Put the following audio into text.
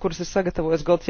kurus ir sagatavojis gaultieri kungs.